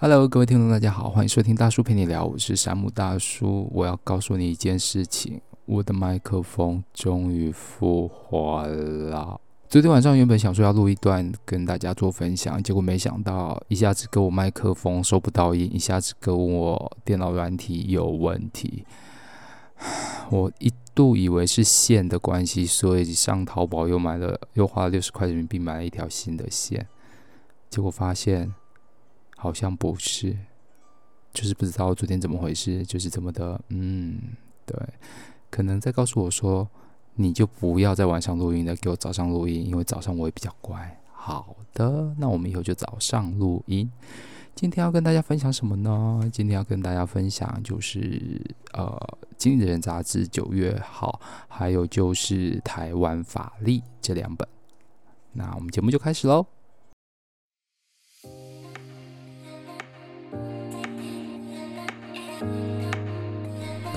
Hello，各位聽眾，大家好，歡迎收聽大叔陪你聊，我是山姆大叔。我要告訴你一件事情，我的麥克風終於復活了。昨天晚上原本想說要錄一段跟大家做分享，結果沒想到一下子給我麥克風收不到音，一下子給我電腦軟體有問題。我一度以為是線的關係，所以上淘寶又買了，又花了六十塊錢人民幣買了一條新的線，結果發現。好像不是，就是不知道昨天怎麼回事，就是這麼的，嗯，對，可能在告訴我說，你就不要在晚上錄音了，給我早上錄音，因為早上我也比較乖。好的，那我們以後就早上錄音。今天要跟大家分享什麼呢？今天要跟大家分享就是呃《經理人》雜誌九月號，還有就是《台灣法律》這兩本。那我們節目就開始嘍。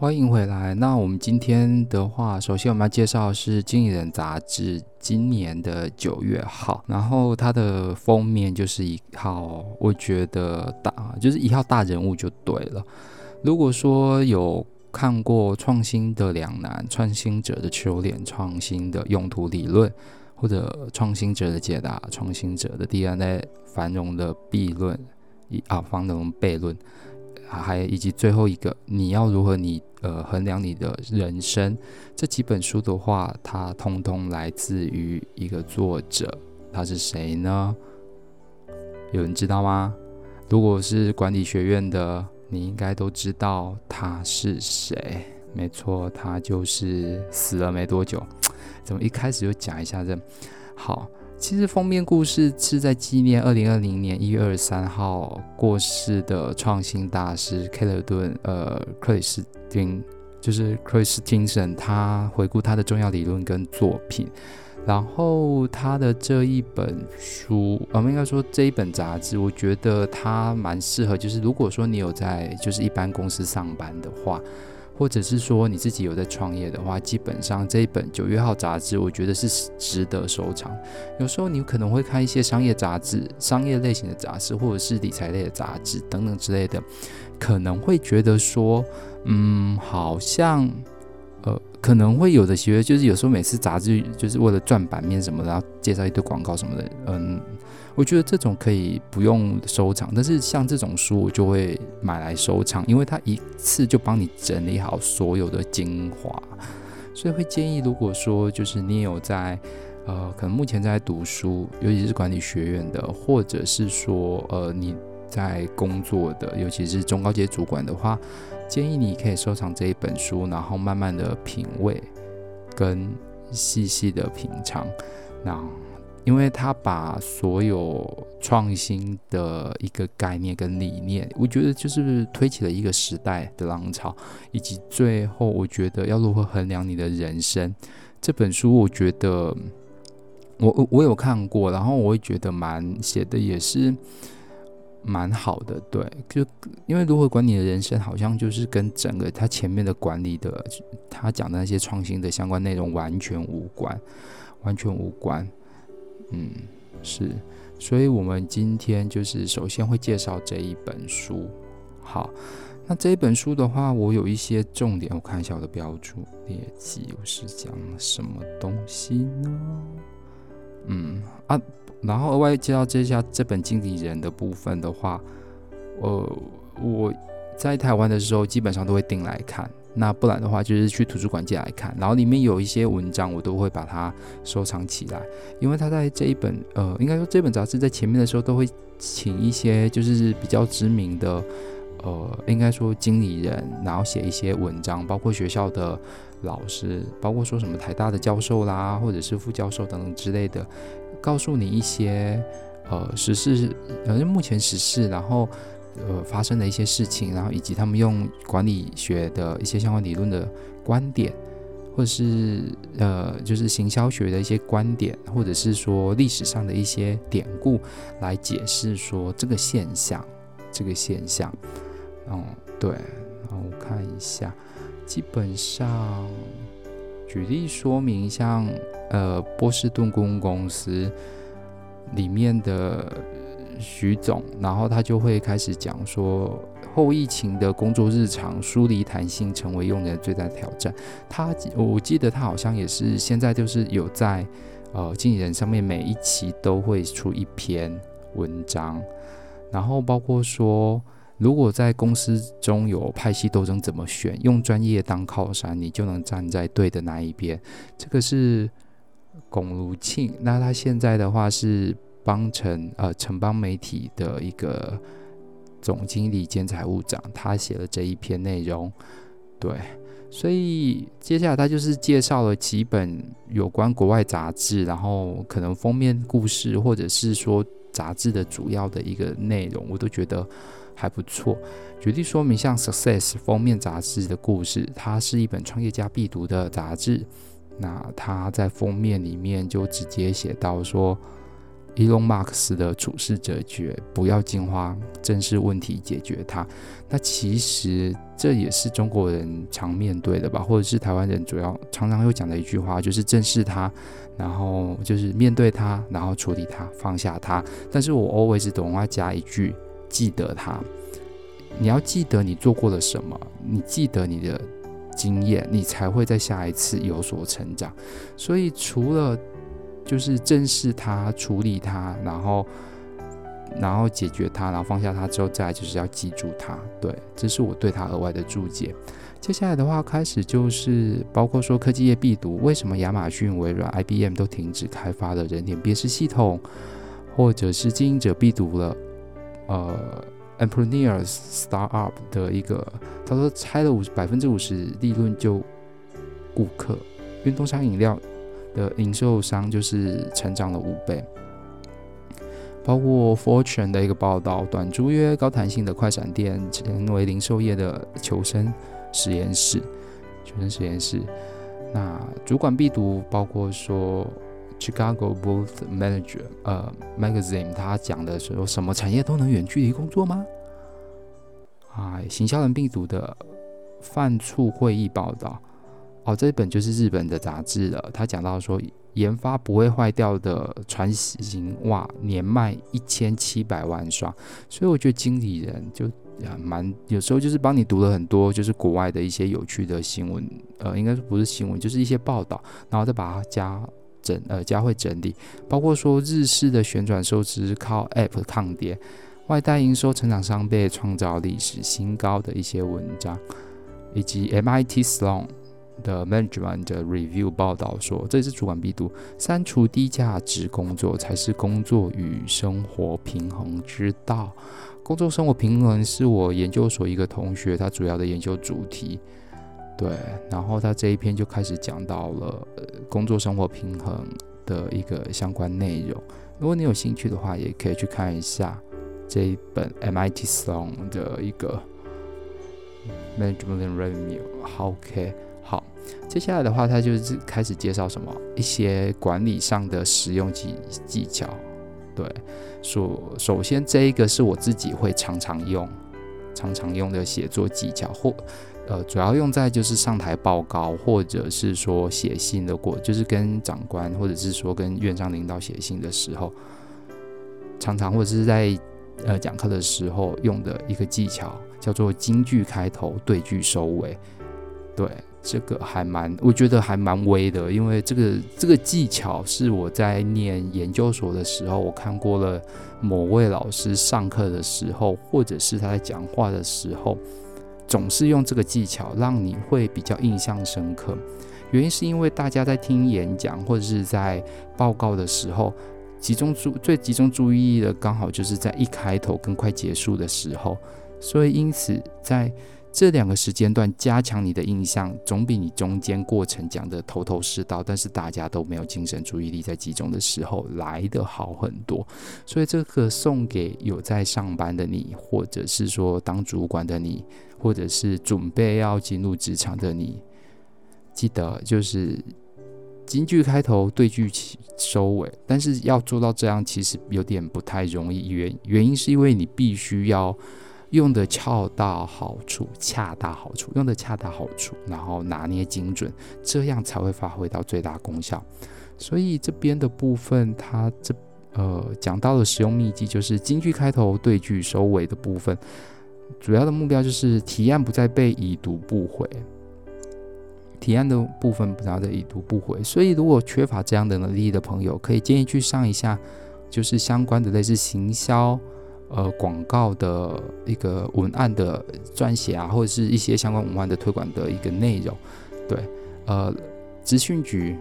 歡迎回來。那我們今天的話，首先我們要介紹的是《經理人》雜誌今年的九月號，然後它的封面就是一號，我覺得大就是一號大人物就對了。如果說有看過《創新的兩難》、《創新者的修煉》、《創新的用途理論》或者《創新者的解答》、《創新者的 DNA》、《繁榮的悖論》一啊，繁榮悖論。還以及最後一個，你要如何你呃衡量你的人生？這幾本書的話，它通通來自於一個作者，他是誰呢？有人知道嗎？如果是管理學院的，你應該都知道他是誰。沒錯，他就是死了沒多久。怎麼一開始就講一下這？好。其實封面故事是在紀念二零二零年一月二十三號過世的創新大師克雷頓呃，克里斯汀，就是克里斯汀生他回顧他的重要理論跟作品，然後他的這一本書，啊，我們應該說這一本雜誌，我覺得他蠻適合，就是如果說你有在就是一般公司上班的話，或者是說你自己有在創業的話，基本上這一本《九月號》雜誌，我覺得是值得收藏。有時候你可能會看一些商業雜誌、商業類型的雜誌，或者是理財類的雜誌等等之類的，可能會覺得說，嗯，好像，呃，可能會有的些，就是有時候每次雜誌就是為了賺版面什麼的，然後介紹一堆廣告什麼的，嗯。我覺得這種可以不用收藏，但是像這種書我就會買來收藏，因為它一次就幫你整理好所有的精華，所以會建議，如果說就是你有在呃，可能目前在讀書，尤其是管理學院的，或者是說呃你在工作的，尤其是中高階主管的話，建議你可以收藏這一本書，然後慢慢的品味跟細細的品嘗，那。因為他把所有創新的一個概念、跟理念，我覺得就是推起了一個時代的浪潮，以及最後，我覺得要如何衡量你的人生，這本書我覺得我我有看過，然後我也覺得蠻寫的也是蠻好的。對，就因為如何管理的人生，好像就是跟整個他前面的管理的他講的那些創新的相關內容完全無關，完全無關。嗯，是，所以我們今天就是首先會介紹這一本書。好，那這一本書的話，我有一些重點，我看一下我的標註、列記，我是講什麼東西呢？嗯啊，然後額外介紹這下這本經理人的部分的話，呃，我在台灣的時候基本上都會訂來看。那不然的話，就是去圖書館借來看，然後裡面有一些文章，我都會把它收藏起來，因為它在這一本呃，應該說這本雜誌在前面的時候，都會請一些就是比較知名的呃，應該說經理人，然後寫一些文章，包括學校的老師，包括說什麼台大的教授啦，或者是副教授等等之類的，告訴你一些呃時事，反正，呃，目前時事，然後。呃，發生的一些事情，然後以及他們用管理學的一些相關理論的觀點，或者是呃，就是行銷學的一些觀點，或者是說歷史上的一些典故來解釋說這個現象，這個現象。嗯，對，然後我看一下，基本上舉例說明像，像呃，波士頓公司裡面的。徐總，然後他就會開始講說，後疫情的工作日常疏離彈性成為用人最大挑戰。他我記得他好像也是現在就是有在呃經理人上面每一期都會出一篇文章，然後包括說如果在公司中有派系鬥爭怎麼選，用專業當靠山，你就能站在對的那一邊。這個是龔如慶，那他現在的話是。邦城呃，城邦媒體的一個總經理兼財務長，他寫了這一篇內容。對，所以接下來他就是介紹了幾本有關國外雜誌，然後可能封面故事或者是說雜誌的主要的一個內容，我都覺得還不錯。舉例說明，像《Success》封面雜誌的故事，它是一本創業家必讀的雜誌。那他在封面裡面就直接寫到說。伊隆馬斯克的處世哲學：不要驚慌，正視問題，解決它。那其實這也是中國人常面對的吧，或者是台灣人主要常常又講的一句話，就是正視它，然後就是面對它，然後處理它，放下它。但是我 always 總要加一句：記得它。你要記得你做過了什麼，你記得你的經驗，你才會在下一次有所成長。所以除了就是正視它、處理它，然後，然後解決它，然後放下它之後，再來就是要記住它。對，這是我對它額外的注解。接下來的話，開始就是包括說科技業必讀，為什麼亞馬遜、微軟、IBM 都停止開發了人臉辨識系統，或者是經營者必讀了，呃，Entrepreneurs Startup 的一個，他說拆了五十百分之五十利潤就顧客，運動商飲料。的零售商就是成長了五倍，包括 Fortune 的一個報道短租約高彈性的快閃店成為零售業的求生實驗室。求生實驗室。那主管必讀，包括說 Chicago Booth Manager 呃 Magazine 他講的是說什麼產業都能遠距離工作嗎？啊，行銷人必讀的犯醋會議報道。好，這一本就是日本的雜志了。他講到說，研发不會壞掉的船型襪年賣一千七百萬雙，所以我覺得經理人就蠻、啊、有時候就是幫你讀了很多就是國外的一些有趣的新聞，呃，應該說不是新聞，就是一些報道，然後再把它加整呃加會整理，包括說日式的旋轉收支靠 App 抗跌，外帶營收成長上倍創造歷史新高的一些文章，以及 MIT Sloan。的 Management Review 報道說，這也是主管必讀：刪除低價值工作才是工作與生活平衡之道。工作生活平衡是我研究所一個同學他主要的研究主題。對，然後他這一篇就開始講到了，呃，工作生活平衡的一個相關內容。如果你有興趣的話，也可以去看一下這一本 MIT Sloan 的一個 Management Review，好 OK。好，接下來的話，他就是開始介紹什麼一些管理上的實用技技巧。對，首先這一個是我自己會常常用、常常用的寫作技巧，或呃，主要用在就是上台報告，或者是說寫信的過，就是跟長官或者是說跟院長領導寫信的時候，常常或者是在呃講課的時候用的一個技巧，叫做金句開頭，對句收尾，對。這個還蠻，我覺得還蠻威的，因為這個這個技巧是我在念研究所的時候，我看過了某位老師上課的時候，或者是他在講話的時候，總是用這個技巧，讓你會比較印象深刻。原因是因為大家在聽演講或者是在報告的時候，集中注最集中注意力的，剛好就是在一開頭跟快結束的時候，所以因此在。這兩個時間段加強你的印象，總比你中間過程講的頭頭是道，但是大家都沒有精神注意力在集中的時候來得好很多。所以這個送給有在上班的你，或者是說當主管的你，或者是準備要進入職場的你，記得就是金句開頭對句起收尾。但是要做到這樣，其實有點不太容易。原原因是因為你必須要。用的恰到好處，恰到好處，用的恰到好處，然後拿捏精準，這樣才會發揮到最大功效。所以這邊的部分，它這呃講到的使用秘籍，就是金句開頭對句收尾的部分，主要的目標就是提案不再被已讀不回，提案的部分不要再已讀不回。所以如果缺乏這樣的能力的朋友，可以建議去上一下，就是相關的類似行銷。呃，廣告的一個文案的撰寫啊，或者是一些相關文案的推廣的一個內容，對，呃，資訊局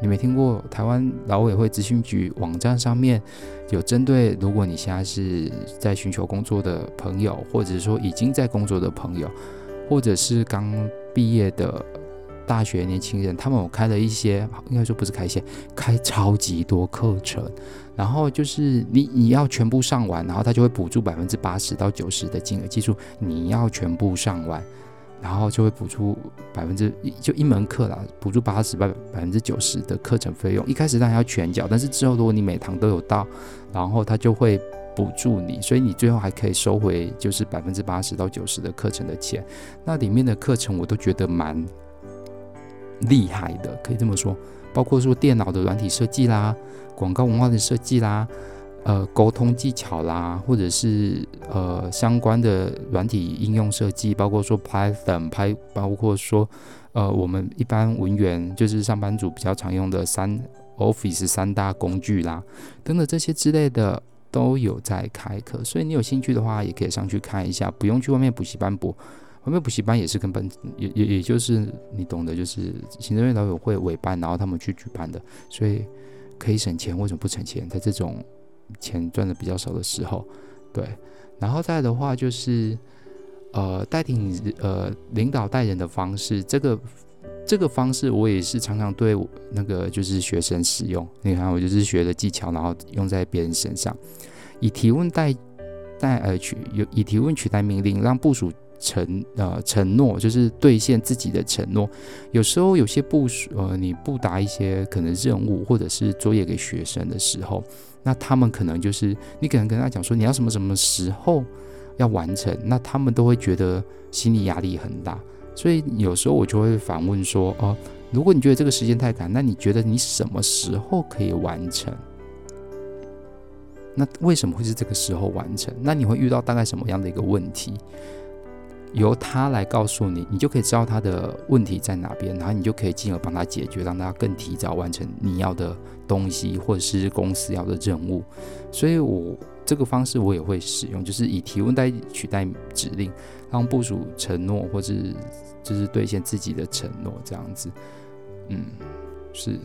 你沒聽過？台灣勞委會資訊局網站上面有針對，如果你現在是在尋求工作的朋友，或者說已經在工作的朋友，或者是剛畢業的。大學年輕人，他們有開了一些，應該說不是開一些，開超級多課程，然後就是你你要全部上完，然後他就會補助百分之八十到九十的金額。記住，你要全部上完，然後就會補助百分之就一門課了，補助八十百百分之九十的課程費用。一開始當然要全繳，但是之後如果你每堂都有到，然後他就會補助你，所以你最後還可以收回就是百分之八十到九十的課程的錢。那裡面的課程我都覺得蠻。厲害的，可以這麼說，包括說電腦的軟體設計啦，廣告文化的設計啦，呃，溝通技巧啦，或者是呃相關的軟體應用設計，包括說 Python、PY，包括說呃我們一般文員就是上班族比較常用的三 Office 三大工具啦，等等這些之類的都有在開課，所以你有興趣的話也可以上去看一下，不用去外面補習班補。後面補習班也是根本也也也就是你懂的，就是行政院勞委會委辦，然後他們去舉辦的，所以可以省錢，為什麼不省錢？在這種錢賺的比較少的時候，對，然後再來的話就是呃，代替你呃領導帶人的方式，這個這個方式我也是常常對那個就是學生使用。你看，我就是學的技巧，然後用在別人身上，以提問代代呃取，有以提問取代命令，讓部屬。承呃承諾就是兌現自己的承諾，有時候有些不呃你布達一些可能任務或者是作業給學生的時候，那他們可能就是你可能跟他講說你要什麼什麼時候要完成，那他們都會覺得心理壓力很大，所以有時候我就會反問說哦、呃，如果你覺得這個時間太趕，那你覺得你什麼時候可以完成？那為什麼會是這個時候完成？那你會遇到大概什麼樣的一個問題？由他來告訴你，你就可以知道他的問題在哪邊，然後你就可以進而幫他解決，讓他更提早完成你要的東西，或者是公司要的任務。所以我，我這個方式我也會使用，就是以提問代替取代指令，讓部屬承諾，或是就是兌現自己的承諾，這樣子。嗯，是。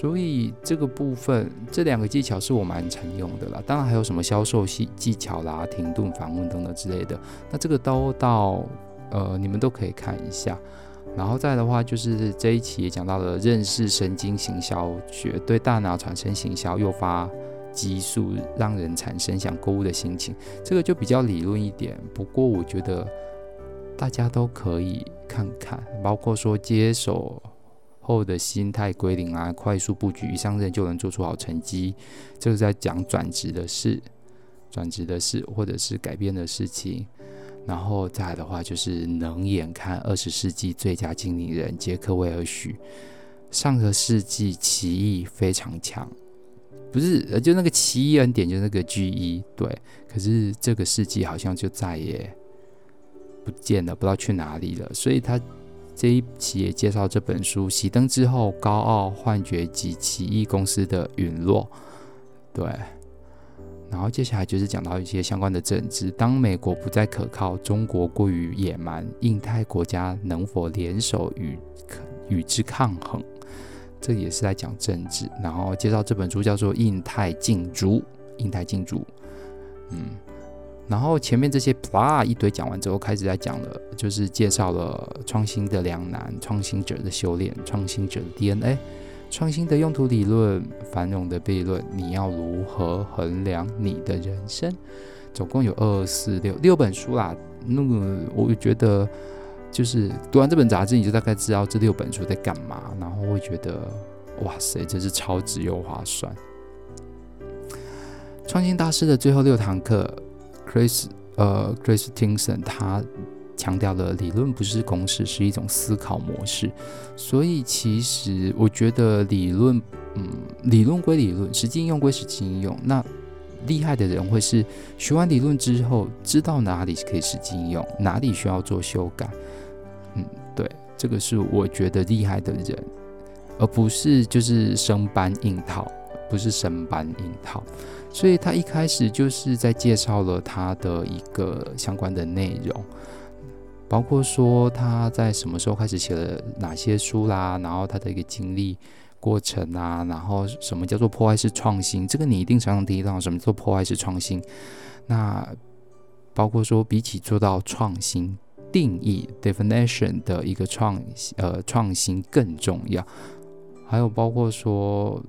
所以這個部分，這兩個技巧是我蠻常用的啦。當然，還有什麼銷售技技巧啦、停頓、反問等等之類的，那這個都到呃，你們都可以看一下。然後再的話，就是這一期也講到了認識神經行銷學，對大腦產生行銷誘發激素，讓人產生想購物的心情。這個就比較理論一點，不過我覺得大家都可以看看，包括說接手。後的心態歸零啊，快速布局，一上任就能做出好成績，就是在講轉職的事，轉職的事，或者是改變的事情。然後再來的話，就是冷眼看二十世紀最佳經理人傑克威爾許，上個世紀奇異非常強，不是，呃，就那個奇異恩典，就是那個 GE，對。可是這個世紀好像就再也不見了，不知道去哪裡了，所以他。這一期也介紹這本書《熄燈之後：高傲幻覺及奇異公司的隕落》，對。然後接下來就是講到一些相關的政治，當美國不再可靠，中國過於野蠻，印太國家能否聯手與可與之抗衡？這也是在講政治。然後介紹這本書叫做印太《印太禁足》，印太禁足，嗯。然後前面這些 plus 一堆講完之後，開始在講了，就是介紹了創新的兩難、創新者的修煉、創新者的 DNA、創新的用途理論、繁榮的悖論。你要如何衡量你的人生？總共有二四六六本書啦。那個我覺得，就是讀完這本雜誌，你就大概知道這六本書在幹嘛，然後會覺得哇塞，真是超值又划算。創新大師的最後六堂課。Chris，呃，Christensen，他強調了理論不是公式，是一種思考模式。所以，其實我覺得理論，嗯，理論歸理論，實際應用歸實際應用。那厲害的人會是學完理論之後，知道哪裡可以實際應用，哪裡需要做修改。嗯，對，這個是我覺得厲害的人，而不是就是生搬硬套。不是生搬硬套，所以他一開始就是在介紹了他的一個相關的內容，包括說他在什麼時候開始寫了哪些書啦，然後他的一個經歷過程啊，然後什麼叫做破壞式創新？這個你一定常常聽到什麼叫做破壞式創新？那包括說比起做到創新定義 definition 的一個創呃創新更重要，還有包括說。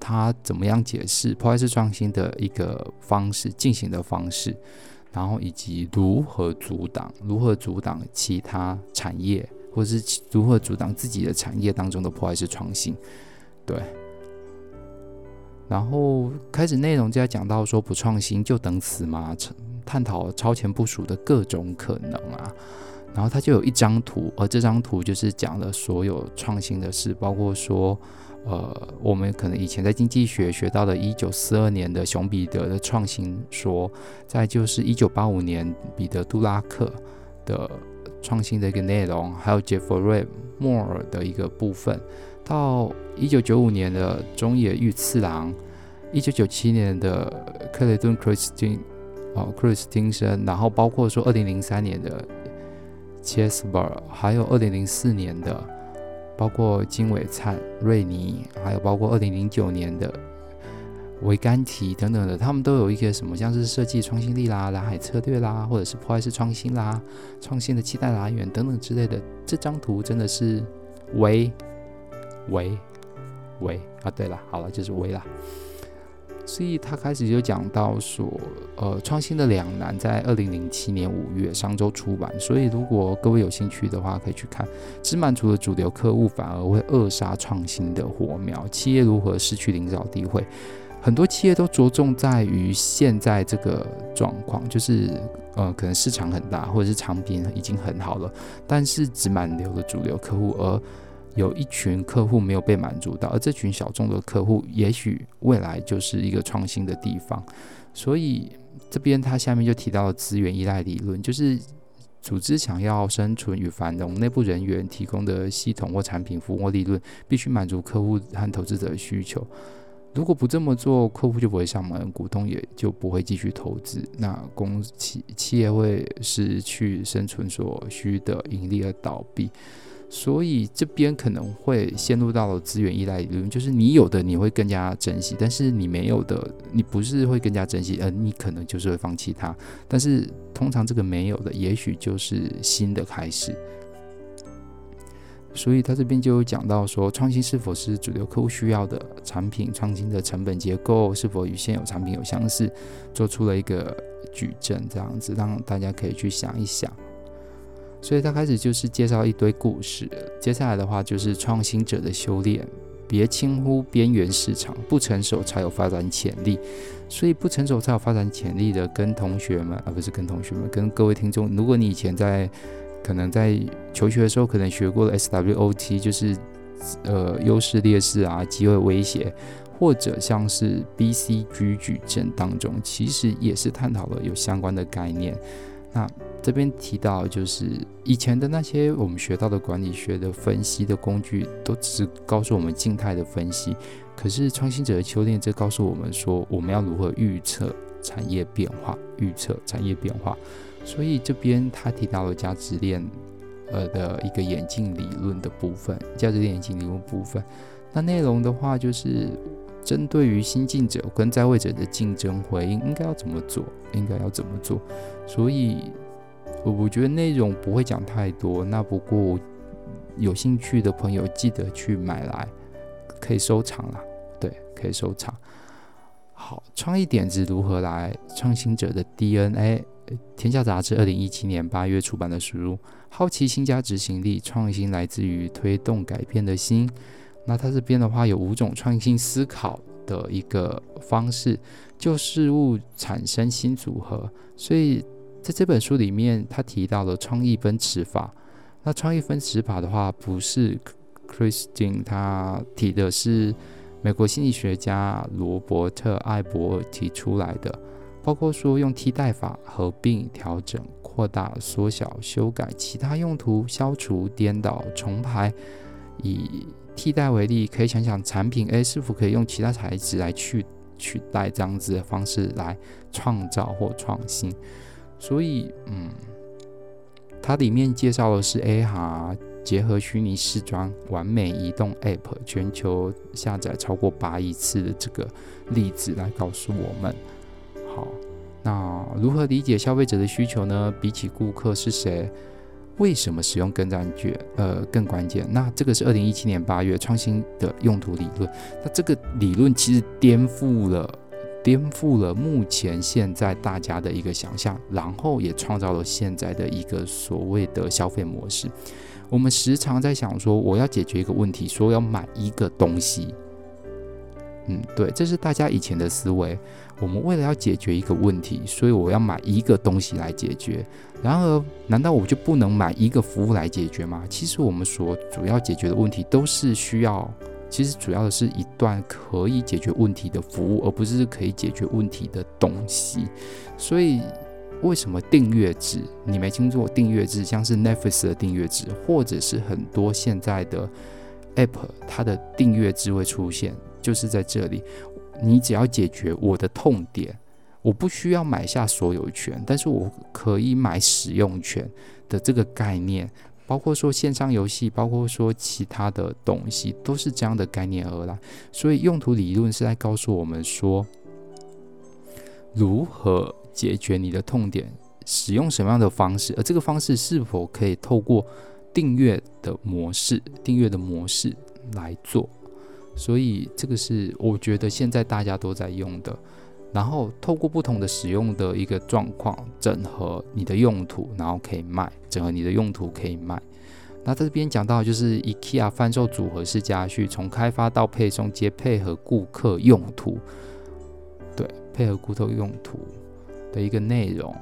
他怎麼樣解釋破壞式創新的一個方式，進行的方式，然後以及如何阻擋，如何阻擋其他產業，或者是如何阻擋自己的產業當中的破壞式創新？對。然後開始內容就要講到說不創新就等死嘛，探討超前部署的各種可能啊。然後他就有一張圖，而這張圖就是講了所有創新的事，包括說。呃，我們可能以前在經濟學學到的一九四二年的熊彼得的創新說，再就是一九八五年彼得·杜拉克的創新的一個內容，還有傑佛瑞·莫爾的一個部分，到一九九五年的中野裕次郎，一九九七年的克雷頓、呃·克里斯汀，啊，克里斯汀森，然後包括說二零零三年的切斯巴爾，還有二零零四年的。包括金偉燦、瑞尼，還有包括二零零九年的維甘提等等的，他們都有一個什麼，像是設計創新力啦、藍海策略啦，或者是破壞式創新啦、創新的期待來源等等之類的。這張圖真的是維維維啊！對了，好了，就是維了。所以他開始就講到說，呃，創新的兩難，在二零零七年五月商周出版。所以如果各位有興趣的話，可以去看。只滿足了主流客戶，反而會扼殺創新的火苗。企業如何失去領導地位？很多企業都着重在於現在這個狀況，就是呃，可能市場很大，或者是產品已經很好了，但是只滿足了主流客戶而。有一群客戶沒有被滿足到，而這群小眾的客戶，也許未來就是一個創新的地方。所以這邊他下面就提到了資源依賴理論，就是組織想要生存與繁榮，內部人員提供的系統或產品服務或理論必須滿足客戶和投資者的需求。如果不這麼做，客戶就不會上門，股東也就不會繼續投資，那公企企業會失去生存所需的盈利而倒閉。所以這邊可能會陷入到了資源依賴，就是你有的你會更加珍惜，但是你沒有的你不是會更加珍惜，嗯、呃，你可能就是會放棄它。但是通常這個沒有的也許就是新的開始。所以他這邊就有講到說，創新是否是主流客戶需要的產品？創新的成本結構是否與現有產品有相似？做出了一個矩陣這樣子，讓大家可以去想一想。所以他開始就是介紹一堆故事，接下來的話就是創新者的修煉，別輕忽邊緣市場，不成熟才有發展潛力，所以不成熟才有發展潛力的，跟同學們啊，不是跟同學們，跟各位聽眾，如果你以前在可能在求學的時候可能學過的 SWOT，就是呃優勢劣勢啊，機會威脅，或者像是 BCG 矩陣當中，其實也是探討了有相關的概念，那。這邊提到，就是以前的那些我們學到的管理學的分析的工具，都只是告訴我們靜態的分析。可是創新者的修煉，就告訴我們說，我們要如何預測產業變化，預測產業變化。所以這邊他提到了價值鏈呃的一個演進理論的部分，價值鏈演進理論部分。那內容的話，就是針對於新進者跟在位者的競爭回應，應該要怎麼做？應該要怎麼做？所以。我我覺得內容不會講太多，那不過有興趣的朋友記得去買來，可以收藏啦，對，可以收藏。好，創意點子如何來？創新者的 DNA，《天下雜誌》二零一七年八月出版的書，好奇心加執行力，創新來自於推動改變的心。那它這邊的話，有五種創新思考的一個方式，舊事物產生新組合，所以。在這本書裡面，他提到了創意奔馳法。那創意奔馳法的話，不是 Christensen 他提的是美國心理學家羅伯特·艾伯提出來的。包括說用替代法、合併、調整、擴大、縮小、修改、其他用途、消除、顛倒、重排。以替代為例，可以想想產品誒是否可以用其他材質來去取代這樣子的方式來創造或創新。所以，嗯，它裡面介紹的是 AHA 結合虛擬試裝，完美移動 App，全球下載超過八億次的這個例子來告訴我們。好，那如何理解消費者的需求呢？比起顧客是誰，為什麼使用更佔據，呃，更關鍵？那這個是二零一七年八月創新的用途理論。那這個理論其實顛覆了。顛覆了目前現在大家的一個想象，然後也創造了現在的一個所謂的消費模式。我們時常在想說，我要解決一個問題，說要買一個東西。嗯，對，這是大家以前的思維。我們為了要解決一個問題，所以我要買一個東西來解決。然而，難道我就不能買一個服務來解決嗎？其實，我們所主要解決的問題都是需要。其實主要的是一段可以解決問題的服務，而不是可以解決問題的東西。所以，為什麼訂閱制？你沒聽錯，訂閱制？像是 Netflix 的訂閱制，或者是很多現在的 App，它的訂閱制會出現，就是在這裡。你只要解決我的痛點，我不需要買下所有權，但是我可以買使用權的這個概念。包括說線上遊戲，包括說其他的東西，都是這樣的概念而來。所以用途理論是在告訴我們說，如何解決你的痛點，使用什麼樣的方式，而這個方式是否可以透過訂閱的模式，訂閱的模式來做。所以這個是我覺得現在大家都在用的。然後透過不同的使用的一個狀況，整合你的用途，然後可以賣；整合你的用途可以賣。那這邊講到的就是 IKEA 販售組合式家具，從開發到配送皆配合顧客用途，對，配合顧客用途的一個內容。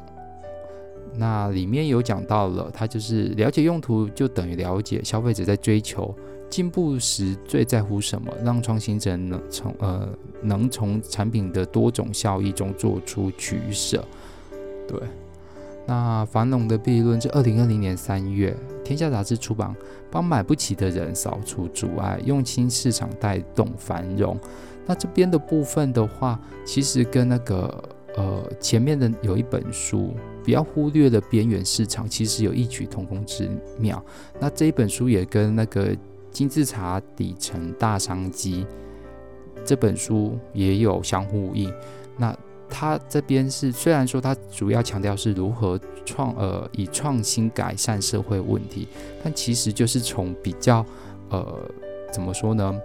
那裡面有講到了，它就是了解用途，就等於了解消費者在追求，進步時最在乎什麼？讓創新者能從呃能從產品的多種效益中做出取捨。對，那繁榮的悖論是二零二零年三月《天下雜誌》出版，幫買不起的人掃除阻礙，用新市場帶動繁榮。那這邊的部分的話，其實跟那個呃前面的有一本書，比較忽略的邊緣市場，其實有異曲同工之妙。那這一本書也跟那個。金字塔底層大商機這本書也有相互呼應。那他這邊是雖然說他主要強調是如何創呃以創新改善社會問題，但其實就是從比較呃怎麼說呢，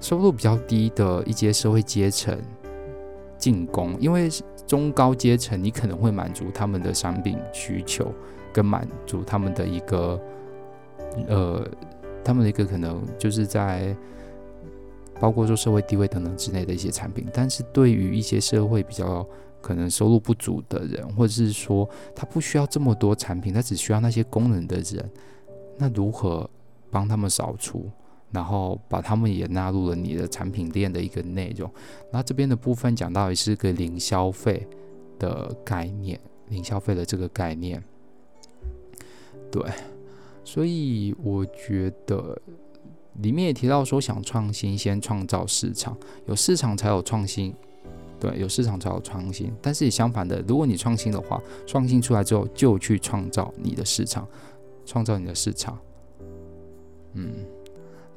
收入比較低的一些社會階層進攻，因為中高階層你可能會滿足他們的商品需求，跟滿足他們的一個呃。他們的一個可能就是在包括說社會地位等等之類的一些產品，但是對於一些社會比較可能收入不足的人，或者是說他不需要這麼多產品，他只需要那些功能的人，那如何幫他們掃除，然後把他們也納入了你的產品鏈的一個內容？那這邊的部分講到也是個零消費的概念，零消費的這個概念，對。所以我覺得裡面也提到說，想創新，先創造市場，有市場才有創新，對，有市場才有創新。但是也相反的，如果你創新的話，創新出來之後就去創造你的市場，創造你的市場。嗯，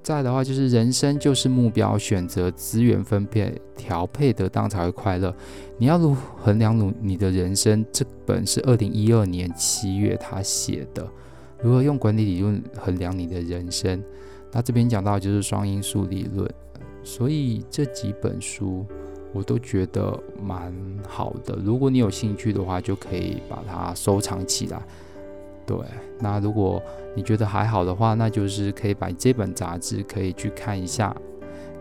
再來的話就是人生就是目標選擇，資源分配調配得當才會快樂。你要如何衡量你的人生，這本是二零一二年七月他寫的。如何用管理理論衡量你的人生？那這邊講到的就是雙因素理論，所以這幾本書我都覺得蠻好的。如果你有興趣的話，就可以把它收藏起來。對，那如果你覺得還好的話，那就是可以把這本雜誌可以去看一下，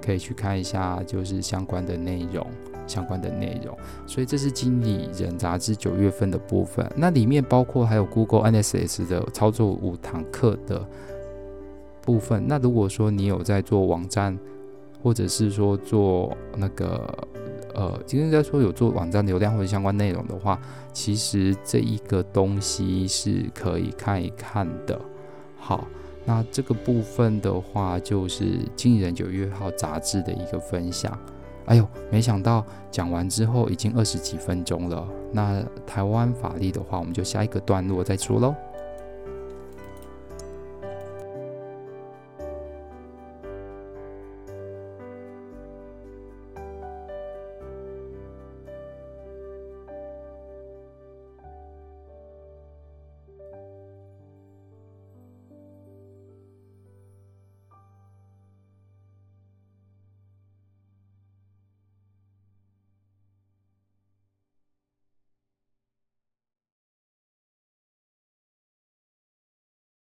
可以去看一下就是相關的內容。相關的內容，所以這是經理人雜誌九月份的部分，那裡面包括還有 Google N S S 的操作五堂課的部分。那如果說你有在做網站，或者是說做那個呃，今天應該說有做網站流量或者相關內容的話，其實這一個東西是可以看一看的。好，那這個部分的話，就是經理人九月號雜誌的一個分享。哎呦，沒想到講完之後已經二十幾分鐘了。那台灣法律的話，我們就下一個段落再說嘍。